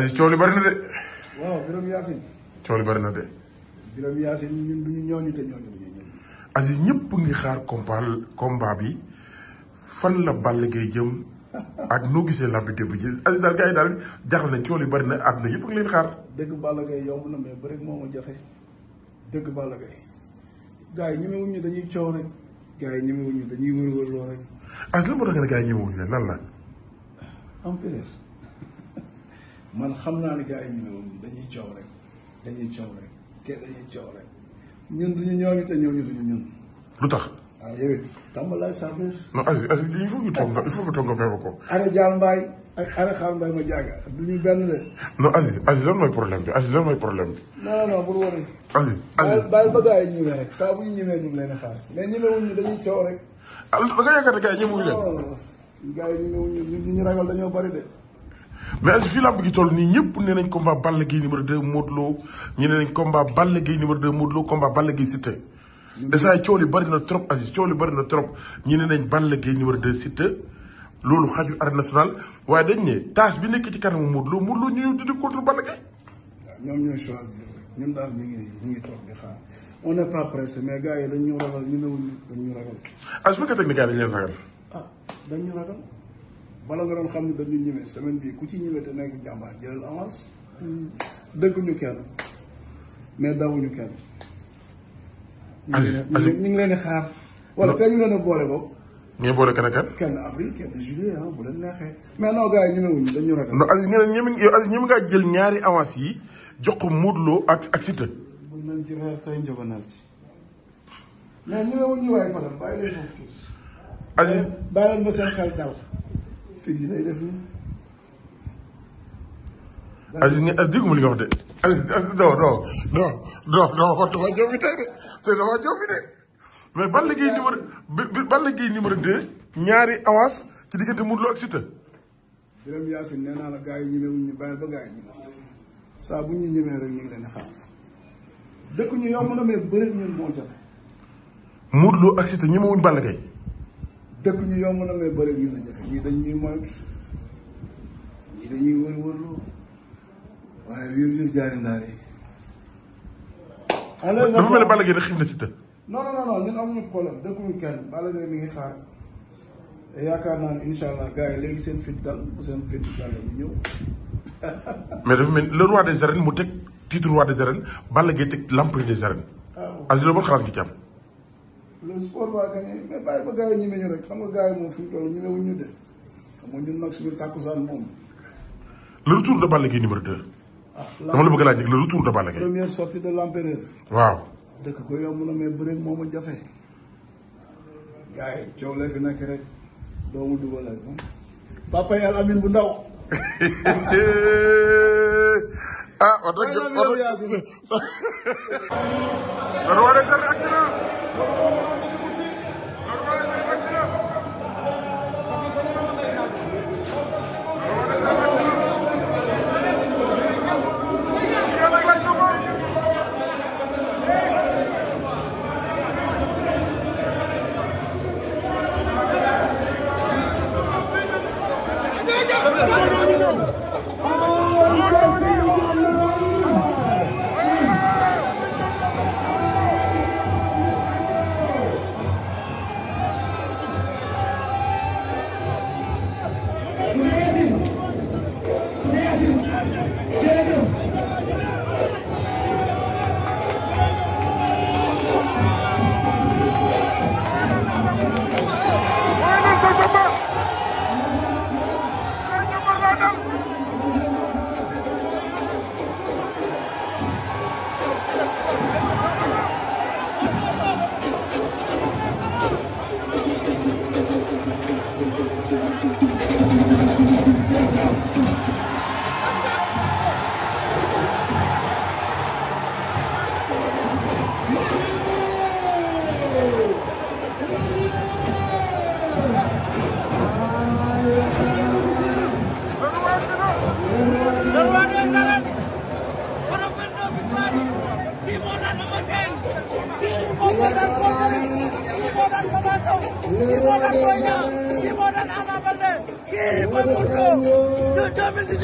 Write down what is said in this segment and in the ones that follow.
ay coow li bari na de. waaw Birame Yacine. coow li bari na de. Birame Yacine ñun du ñu ñooñu ñooñu du ñu ñooñu. Aliou ñëpp ngi xaar combat combat bi fan la Balla Gaye jëm ak noo gisee lambi démb ji Aliou daal gars daal jaaxle na coow li bari na àdduna yëpp ngi leen xaar. dëgg Balla Gaye yomb na moo tax nga ne gars yi ñemewuñ leen man xam naa ne gars yi ñu ne woon dañuy coow rek dañuy coow rek te dañuy coow rek ñun duñu ñooñu te ñooñu duñu ñu ko. Ada Diallo Mbaye ak benn de. non Aziz Aziz lan mooy problème bi Aziz lan mooy problème bi. non non bul wane. Aziz Aziz bàyyi ba gars yi ñëwee rek saa bu ñu ñëwee ñu ngi leen a xaar mais ñëwewuñ ñu dañuy coow rek. da ah, nga yaakaar ne gars yi ñëwuñ leen. non gars ragal dañoo bari de. mais fii làmb gi toll nii ñëpp nee nañ combat Balla Gaye numéro 2 Modou Lo ñu nee nañ combat Balla Gaye numéro 2 Modou Lo combat Balla Gaye Siteu. dèjà coow li bari na trop Aziz coow li bari na trop ñu nee nañ Balla Gaye numéro 2 Siteu loolu xajul arène nationale waaye dañ ne tâche bi nekk ci kanamu Modou Lo Modou Lo ñu di contre Balla ñoom ñooy choisir daal ñu ngi ñu ngi toog di xaar on n'est pas pressé mais gars yi dañ yi dañ ragal. Ah, bala nga doon xam ne dañuy ñëwee semaine bii ku ci ñëwee te nekk jàmbaar jëlal avance. dëgguñu kenn mais dawuñu kenn. ñu ngi leen di xaar. wala te ñu leen a boole ko. ñu boole kenn kenn. kenn avril kenn juillet ah bu leen neexee. mais non gars yi ñemewuñu dañu ragal. non Aziz ñeneen ñeme yow Aziz jël ñaari avance yi jox ko Modou Lo ak ak Siteu. mën nañ ci fit yi lay def Aziz ni as dégguma li nga de Aziz non non non non non de te dafa de mais Balla Gaye numéro bi Balla numéro deux ñaari avance ci diggante Modou Lo ak Siteu. yi ñemewuñ ñu bàyyi ba gars yi bëri ñun moo jafe. Modou Lo ak Siteu ñemewuñ Balla Gaye dëkk ñu yomb na mais bëri ñu la jafe ñii dañ ñuy moytu ñii dañuy wër wërlu waaye wiir wiir jaari yi. dafa mel ni Balla Gaye xiif na ci të. non non non ñun amuñu problème dëkkuñu kenn Balla Gaye mi ngi xaar yaakaar naa ne incha allah gars yi léegi seen fit dal bu seen fit dal ñu ñëw. mais dafa mel le roi des arènes mu teg titre roi des arènes Balla Gaye teg l'empereur des arènes. waaw as loolu ban xalaat nga ci le sport va gagner mais bàyyi ba gars yi ñu rek xam nga gars moom fi mu toll ñeme wuñ ñu de xam nga nag suñu tàkkusaan moom. le retour de Balla Gaye numéro 2. ah dama de Balla l' empereur. waaw. dëkk ko yomb na mais bëreeg moom a jafe. gars coow la fi nekk rek doomu dugalal sax. papa yàlla amin bu ndaw. Ah, Determined to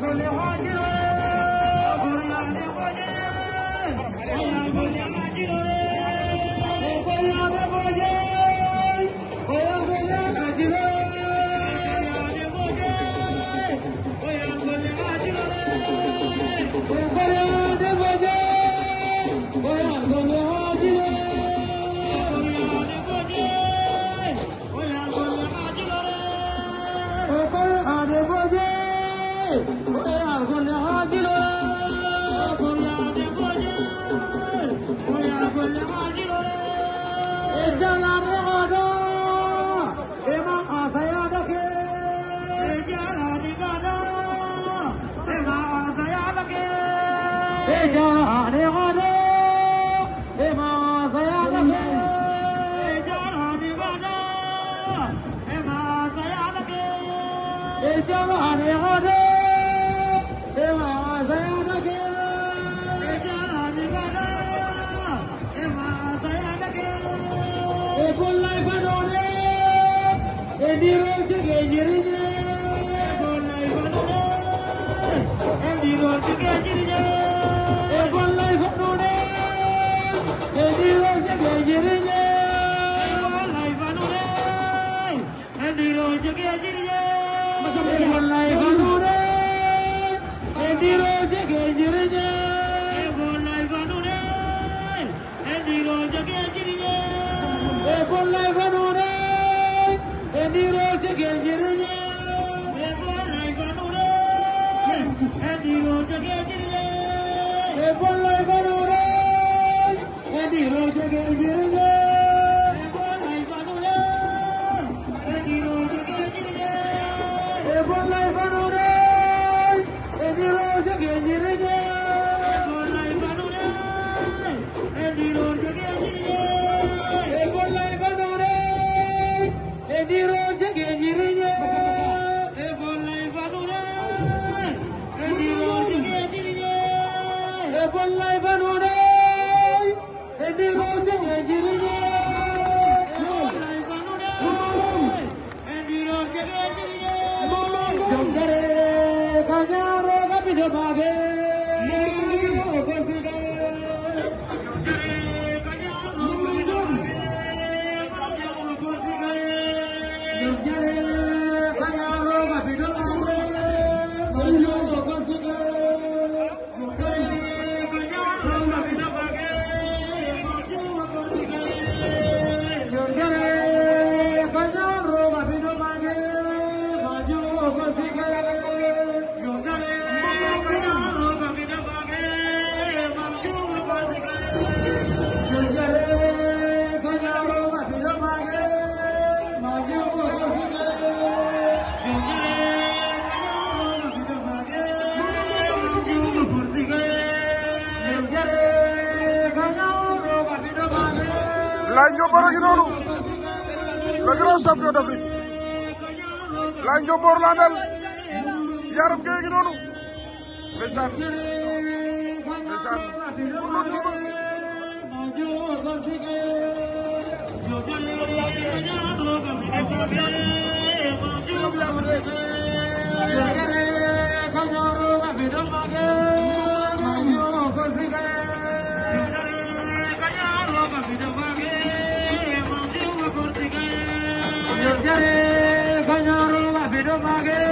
打电话去。Hey, John, how do you do? Hey, John, how do you do? Hey, John, how do you do? গোল্লায় fun অনেক এমনি রয়েছে গেঞ্জিরি গোল্লায় fun অনেক এমনি রয়েছে গেঞ্জিরি গোল্লায় ফান অনেক এমনি রয়েছে গেঞ্জিরি গোল্লায় ফান অনেক এমনি রয়েছে গেঞ্জিরি গোল্লায় ফান অনেক এমনি রয়েছে I Hello, champion d'Afrique Laye Ndiomboor laa dal yaram géej gi noonu ndeysaan ndeysaan pour loolu ñu bëgg Yeah. मांगे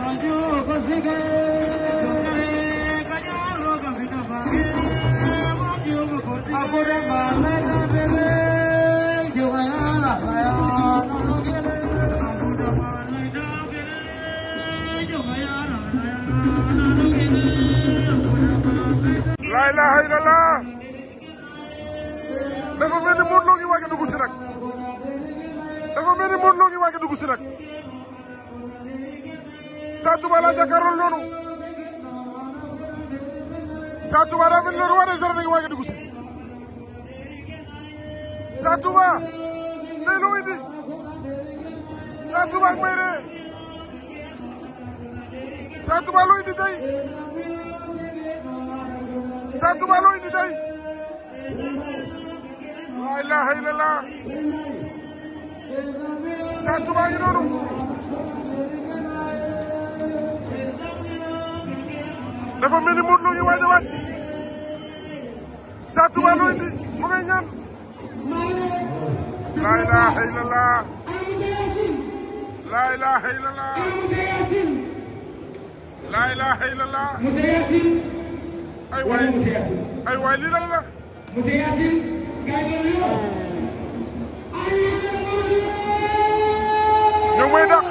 मंजू खुशी के Abu Dhabi, Abu Dhabi, you are not a liar. la ilaha illallah dafa mel ni Modou Lo ngi Sa Touba la noonu Sa Touba ni roi des arènes waaj a dugg si Sa Touba tey loo indi Sa Touba ak Mbaye de Sa Touba loo indi tey Sa Touba loo indi tey la ilaha illallah Sa dafa mel ni Modou Lo ñu waaj a wàcc Sa Touba looy indi mu ngay ñaan la ilaha illallah la ilaha illallah la ilaha illallah ay waay ay waay lii lan la ñoo ngi may dàq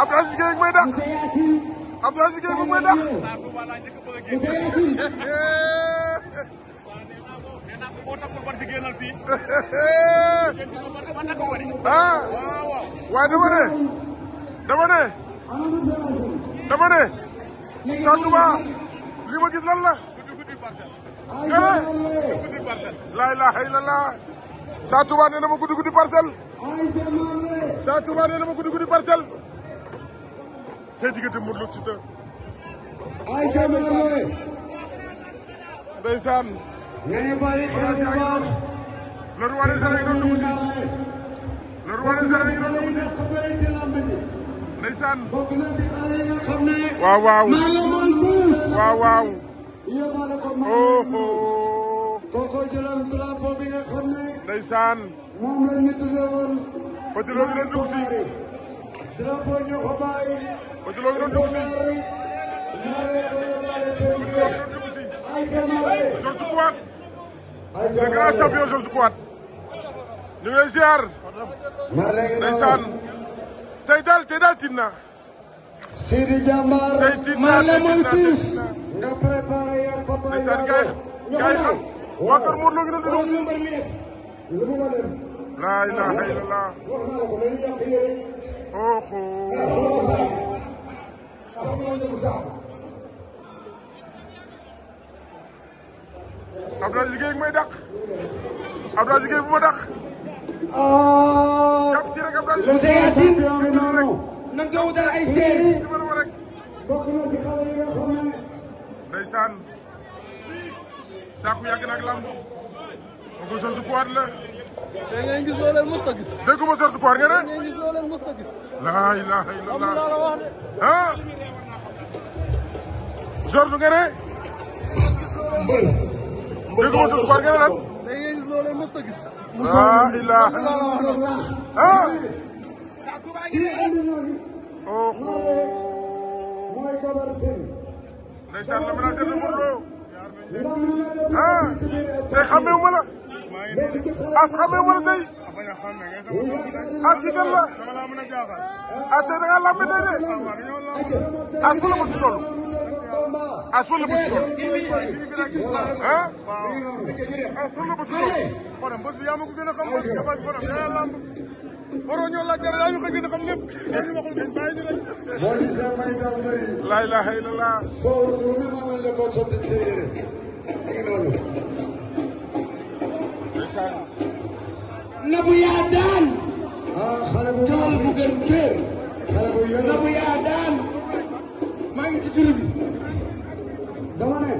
Abdou Aziz Gueye ngi may dàq Abdoulaye Gueye moom mooy dàq. ah waaye dama ne dama ne dama ne Sa li ma gis lan la. gërëm. laa ilaaha nee na ma guddi guddi parcelle. Sa nee na ma guddi guddi tey diggante Modou Lo Siteu. Aïcha Mbengue Mboye. ndeysaan. nañu bàyyi xel bu baax. le roi des arènes doon dugg si. le roi des na ci xale yi nga xam ne. waaw ko maa la ne. ndeysaan. moom la ñu tuddee woon. ba jëloon doon dugg Badjuloo ngi doon dugg si. Badjuloo ngi doon dugg si. George Kouat. le grand champion George Kouat. ñu ngi lay ziar. ndeysaan. tey daal tey daal tiit naa. Sidi Jambar. tey tiit naa tey tiit naa nga préparé yaa papa yaa ndeysaan gars yi gars yi xam. waa kër Mor loo ngi doon dugg si. laa ilaaha illallah. oh. Abdoulaye Gueye may dàq Abdoulaye Gueye bu ma dàq. Ah. jàpp ci rek Abdoulaye Gueye. nan nga wutal ay séeréer. bokk na ci xale yi nga xam ne. ndeysaan. Sakku yàgg na ak lamb. ba ko sosu kuwaat la. da ngay gis loo leen mës a gis. dégguma sortu koor nga ne. da ngay gis loo leen mës a gis. laa ilaaha illallaah. ah. sortu nga ne. dégguma sortu koor nga ne lan. da ngay gis loo leen mës a gis. laa ilaaha illallaah. ah. ndeysaan la mën a jënd Modou Lo. ah. tey xamee wu ma la. as xamee wala tey as ki kan la as tey da ngaa lambe tey de as fan la mos a toll as fan la mos a toll ah as fan la mos a toll. xoolal bés bi yaa ma ko gën a xam bés bi dafa xoolal yaa lamb waroo ñoo laaj dara yaa ñu ko gën a xam lépp yaa ñu waxul ngeen bàyyi ñu rek. la ilaha illallah. Nabou yaa daan. ah xale bu tool bu gën kër. xale bu yore Nabou yaa daan. maa ngi ci tur bi. dama ne.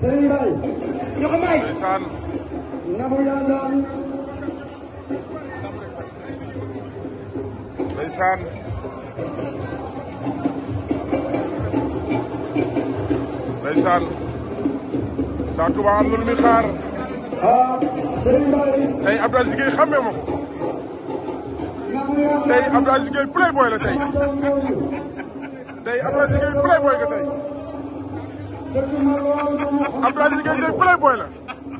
Serigne Baye. ñoo ko may. Nabou yaa daan. ndeysaan. ndeysaan. Sa Touba am na lu muy xaar. ah Serigne Baye. tey Abdou Aziz Gueye xàmmee ma ko tey Abdou Aziz la tey tey Abdou Aziz Gueye playboy la tey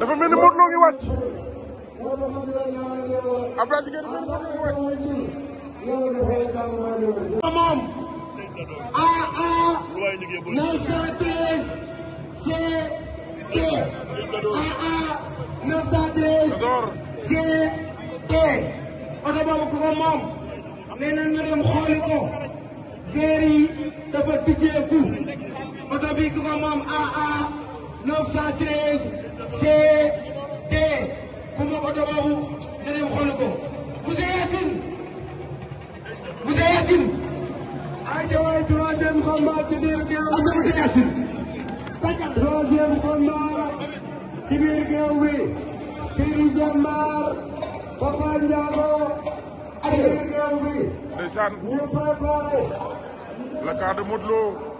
dafa mel ni 913 CP. AA 913 CP. oto boobu ku ko moom nee na nga dem xooli ko veer yi dafa tijjeeku oto bi ah. ko moom AA 913 CP ku moom oto boobu nga dem xooli ko. Monsieur Yacine Monsieur Guédiawaye troisième combat ci biir géew bi troisième combat ci biir géew bi Siri Jambar Papa ñu préparé le cas de Modou